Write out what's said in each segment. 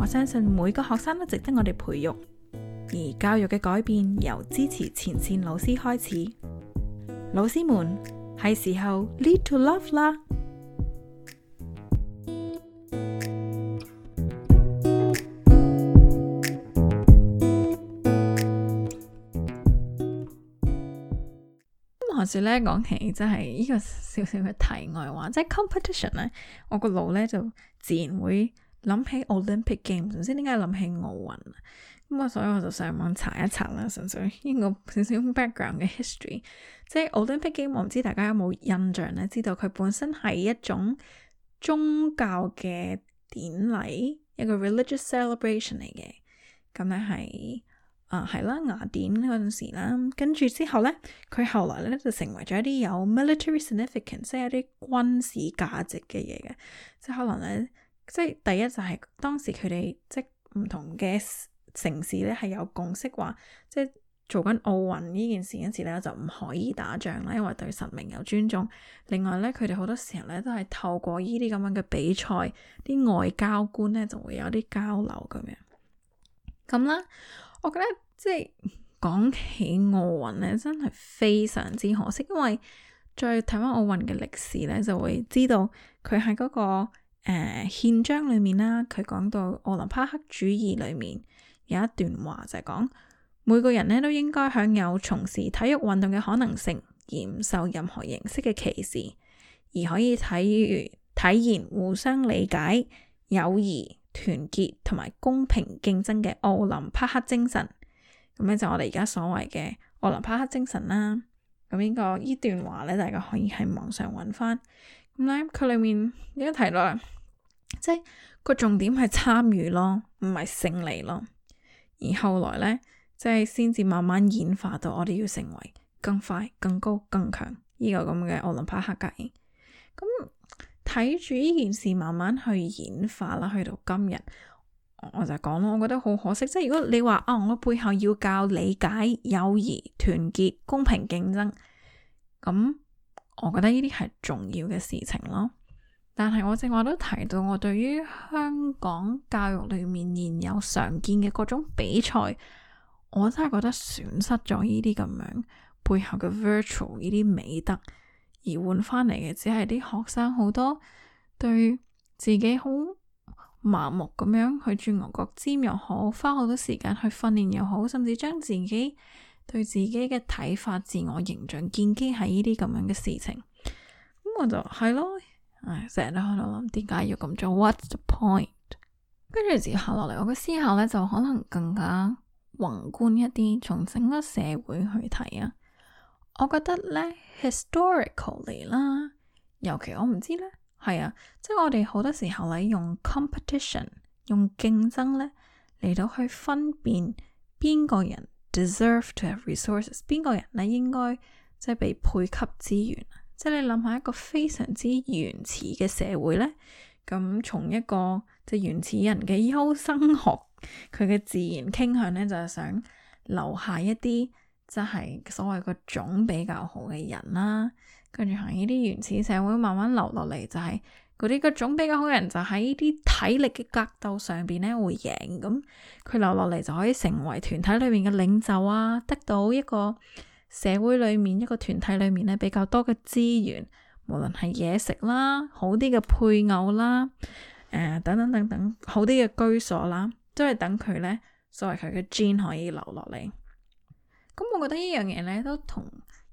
我相信每個學生都值得我哋培育，而教育嘅改變由支持前線老師開始。老師們係時候 lead to love 啦。咁話說咧，講起真係呢個小小嘅題外話，即係 competition 咧，我個腦咧就自然會，諗起 Olympic Games，唔知點解諗起奧運咁啊，所以我就上網查一查啦，純粹呢個少少 background 嘅 history。即係 Olympic Games，我唔知大家有冇印象咧，知道佢本身係一種宗教嘅典禮，一個 religious celebration 嚟嘅。咁咧係啊，係啦，雅、嗯、典嗰陣時啦，跟住之後咧，佢後來咧就成為咗一啲有 military significance，即係一啲軍事價值嘅嘢嘅，即係可能咧。即係第一就係、是、當時佢哋即唔同嘅城市咧係有共識話，即係做緊奧運呢件事嗰陣時咧就唔可以打仗啦，因為對神明有尊重。另外咧，佢哋好多時候咧都係透過呢啲咁樣嘅比賽，啲外交官咧就會有啲交流咁樣。咁啦，我覺得即係講起奧運咧，真係非常之可惜，因為再睇翻奧運嘅歷史咧，就會知道佢係嗰個。誒，憲、呃、章裏面啦，佢講到奧林匹克主義裏面有一段話就，就係講每個人咧都應該享有從事體育運動嘅可能性，而唔受任何形式嘅歧視，而可以體、體現、互相理解、友誼、團結同埋公平競爭嘅奧林匹克精神。咁咧就我哋而家所謂嘅奧林匹克精神啦。咁呢、這個呢段話咧，大家可以喺網上揾翻。佢、嗯、裏面亦提到，即係個重點係參與咯，唔係勝利咯。而後來呢，即係先至慢慢演化到我哋要成為更快、更高、更強呢、呢個咁嘅奧林匹克格言。咁睇住呢件事慢慢去演化啦，去到今日，我就講我覺得好可惜。即係如果你話啊，我背後要教理解、友誼、團結、公平競爭，咁、嗯。我覺得呢啲係重要嘅事情咯，但係我正話都提到，我對於香港教育裏面現有常見嘅各種比賽，我真係覺得損失咗呢啲咁樣背後嘅 virtue 呢啲美德，而換翻嚟嘅只係啲學生好多對自己好麻木咁樣去轉牛角尖又好，花好多時間去訓練又好，甚至將自己。對自己嘅睇法、自我形象，建基喺呢啲咁樣嘅事情，咁我就係咯，唉，成日都喺度諗點解要咁做？What's the point？跟住之後落嚟，我嘅思考呢就可能更加宏觀一啲，從整個社會去睇啊。我覺得呢 historically 啦，尤其我唔知呢，係啊，即係我哋好多時候呢用 competition，用競爭呢嚟到去分辨邊個人。Deserve to have resources，邊個人咧應該即係被配給資源？即係你諗下一個非常之原始嘅社會咧，咁從一個即係、就是、原始人嘅優生學，佢嘅自然傾向咧就係、是、想留下一啲即係所謂個種比較好嘅人啦、啊，跟住喺呢啲原始社會慢慢留落嚟就係、是。嗰啲嗰種比較好嘅人就喺啲體力嘅格鬥上邊咧會贏，咁佢留落嚟就可以成為團體裏面嘅領袖啊，得到一個社會裏面一個團體裏面咧比較多嘅資源，無論係嘢食啦，好啲嘅配偶啦，誒、呃、等等等等，好啲嘅居所啦，都係等佢咧，所謂佢嘅 Gene 可以留落嚟。咁、嗯、我覺得呢樣嘢咧都同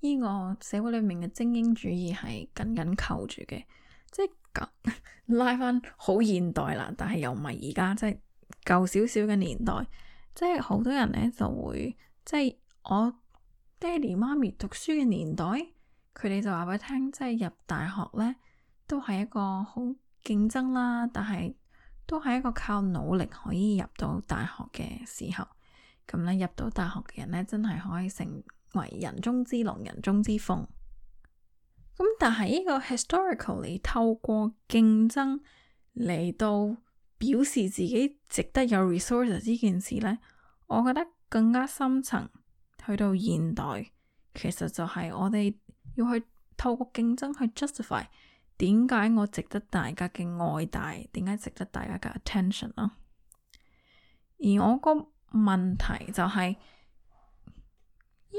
呢個社會裏面嘅精英主義係緊緊扣住嘅，即係。 拉翻好現代啦，但係又唔係而家，即係舊少少嘅年代，即係好多人呢，就會，即係我爹哋媽咪讀書嘅年代，佢哋就話俾你聽，即係入大學呢，都係一個好競爭啦，但係都係一個靠努力可以入到大學嘅時候，咁咧入到大學嘅人呢，真係可以成為人中之龍，人中之鳳。咁但係呢個 historically 透過競爭嚟到表示自己值得有 resources 呢件事呢，我覺得更加深層去到現代，其實就係我哋要去透過競爭去 justify 點解我值得大家嘅愛戴，點解值得大家嘅 attention 囉。而我個問題就係、是。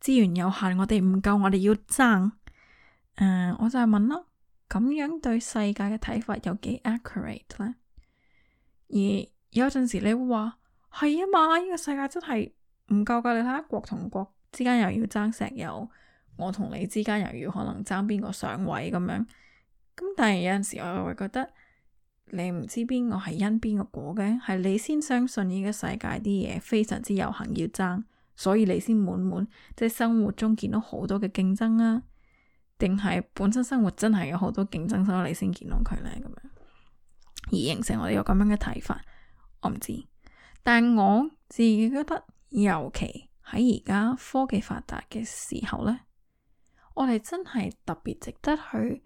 資源有限，我哋唔夠，我哋要爭。誒、呃，我就係問啦，咁樣對世界嘅睇法有幾 accurate 咧？而有陣時你會話係啊嘛，呢個世界真係唔夠噶。你睇下國同國之間又要爭石油，我同你之間又要可能爭邊個上位咁樣。咁但係有陣時我又會覺得，你唔知邊個係因邊個果嘅，係你先相信呢個世界啲嘢非常之有限要爭。所以你先滿滿，即係生活中見到好多嘅競爭啊，定係本身生活真係有好多競爭，所以你先見到佢呢？咁樣，而形成我哋有咁樣嘅睇法。我唔知，但我自己覺得，尤其喺而家科技發達嘅時候呢，我哋真係特別值得去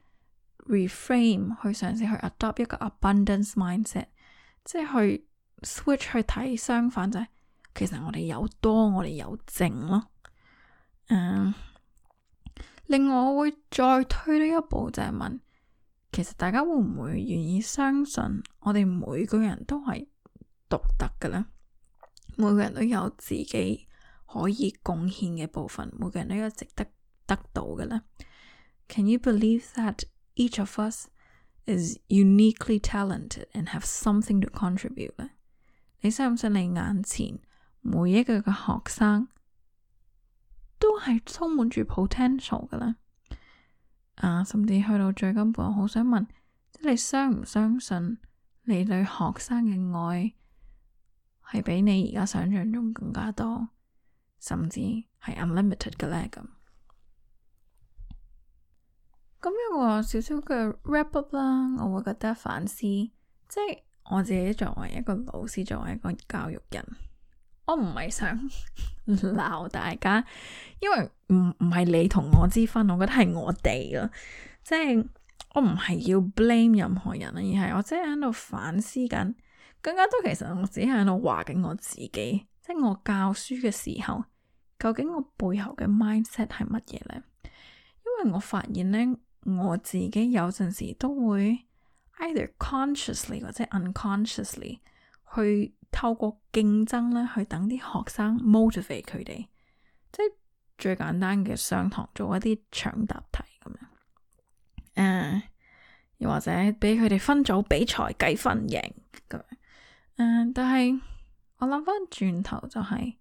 reframe，去嘗試去 adopt 一個 abundance mindset，即係去 switch 去睇 sw 相反就係。其實我哋有多，我哋有剩咯。嗯、uh,，另外，我會再推多一步，就係、是、問：其實大家會唔會願意相信我哋每個人都係獨特嘅呢？每個人都有自己可以貢獻嘅部分，每個人都有值得得到嘅呢？Can you believe that each of us is uniquely talented and have something to contribute？呢，你相唔相你眼前。每一個嘅學生都係充滿住 potential 噶啦，啊，甚至去到最根本，我好想問，即係你相唔相信你對學生嘅愛係比你而家想象中更加多，甚至係 unlimited 嘅呢？咁。咁有個少少嘅 wrap up 啦，我會覺得反思，即係我自己作為一個老師，作為一個教育人。我唔係想鬧大家，因為唔唔係你同我之分，我覺得係我哋咯。即係我唔係要 blame 任何人啊，而係我真係喺度反思緊。更加多其實我只係喺度話緊我自己，即係我教書嘅時候，究竟我背後嘅 mindset 係乜嘢咧？因為我發現咧，我自己有陣時都會，either consciously 或者 unconsciously 去。透過競爭咧，去等啲學生 motivate 佢哋，即係最簡單嘅上堂做一啲搶答題咁樣，誒，又或者俾佢哋分組比賽計分贏。咁，誒、uh，但係我諗翻轉頭就係、是，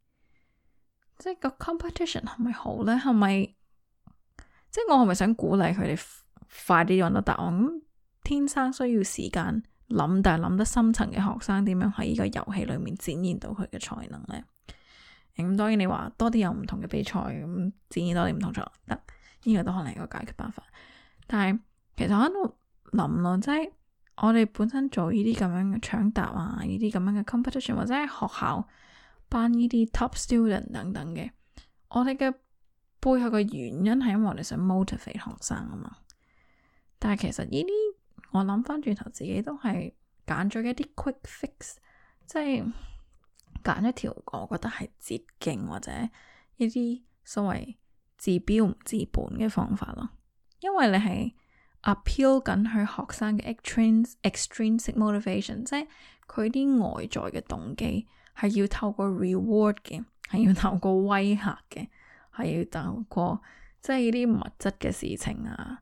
即係個 competition 係咪好咧？係咪即係我係咪想鼓勵佢哋快啲揾到答案？咁天生需要時間。諗，但係諗得深層嘅學生點樣喺呢個遊戲裏面展現到佢嘅才能呢？咁當然你話多啲有唔同嘅比賽，咁展現多啲唔同才得呢個都可能係一個解決辦法。但係其實我喺度諗咯，即係我哋本身做呢啲咁樣嘅搶答啊，呢啲咁樣嘅 competition，或者喺學校辦呢啲 top student 等等嘅，我哋嘅背後嘅原因係因為我哋想 motivate 學生啊嘛。但係其實呢啲。我諗翻轉頭，自己都係揀咗一啲 quick fix，即係揀一條我覺得係捷徑或者一啲所謂治標唔治本嘅方法咯。因為你係 appeal 緊佢學生嘅 extrins, extrinsic motivation，即係佢啲外在嘅動機係要透過 reward 嘅，係要透過威嚇嘅，係要透過即係呢啲物質嘅事情啊。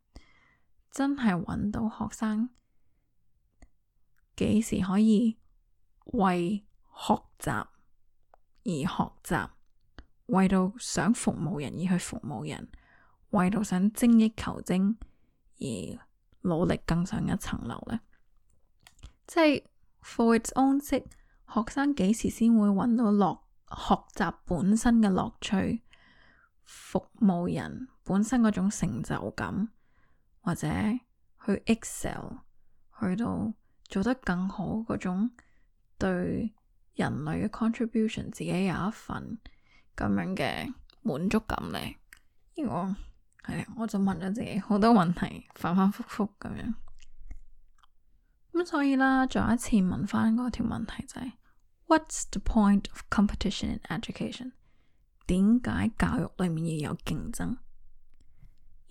真係搵到學生幾時可以為學習而學習？為到想服務人而去服務人，為到想精益求精而努力更上一層樓呢？即係 for its own sake，學生幾時先會搵到樂學習本身嘅樂趣？服務人本身嗰種成就感？或者去 Excel 去到做得更好嗰種對人類嘅 contribution，自己有一份咁樣嘅滿足感咧，呢個係我就問咗自己好多問題，反反复复咁樣。咁所以啦，再一次問翻嗰條問題就係 What's the point of competition in education？點解教育裏面要有競爭？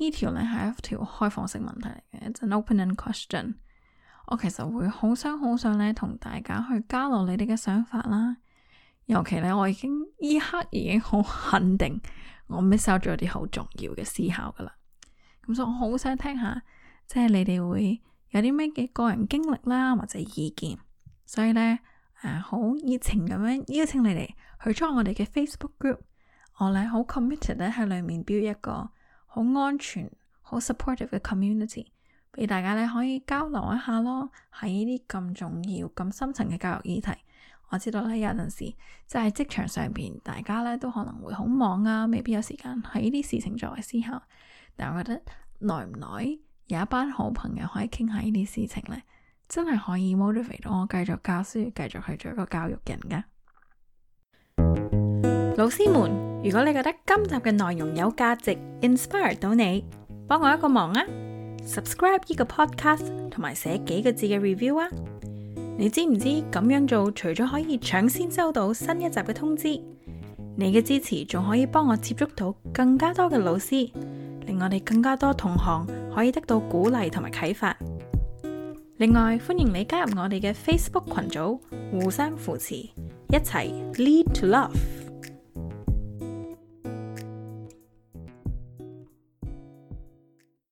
呢條咧係一條開放性問題嚟嘅，an opening question。我其實會好想好想咧同大家去交流你哋嘅想法啦，尤其咧我已經呢刻已經好肯定我 miss out 咗啲好重要嘅思考噶啦。咁所以我好想聽下，即係你哋會有啲咩嘅個人經歷啦，或者意見。所以咧誒，好、呃、熱情咁樣邀請你哋去 join 我哋嘅 Facebook group 我。我咧好 committed 咧喺裡面標一個好安全、好 supportive 嘅 community，畀大家咧可以交流一下咯。喺呢啲咁重要、咁深層嘅教育議題，我知道咧有陣時即係職場上邊，大家咧都可能會好忙啊，未必有時間喺呢啲事情作為思考。但我覺得耐唔耐有一班好朋友可以傾下呢啲事情咧，真係可以 motivate 到我繼續教書，繼續去做一個教育人噶。老師們，如果你覺得今集嘅內容有價值，inspire 到你，幫我一個忙啊，subscribe 呢個 podcast，同埋寫幾個字嘅 review 啊。你知唔知咁樣做除咗可以搶先收到新一集嘅通知，你嘅支持仲可以幫我接觸到更加多嘅老師，令我哋更加多同行可以得到鼓勵同埋啟發。另外，歡迎你加入我哋嘅 Facebook 群組，互相扶持，一齊 Lead to Love。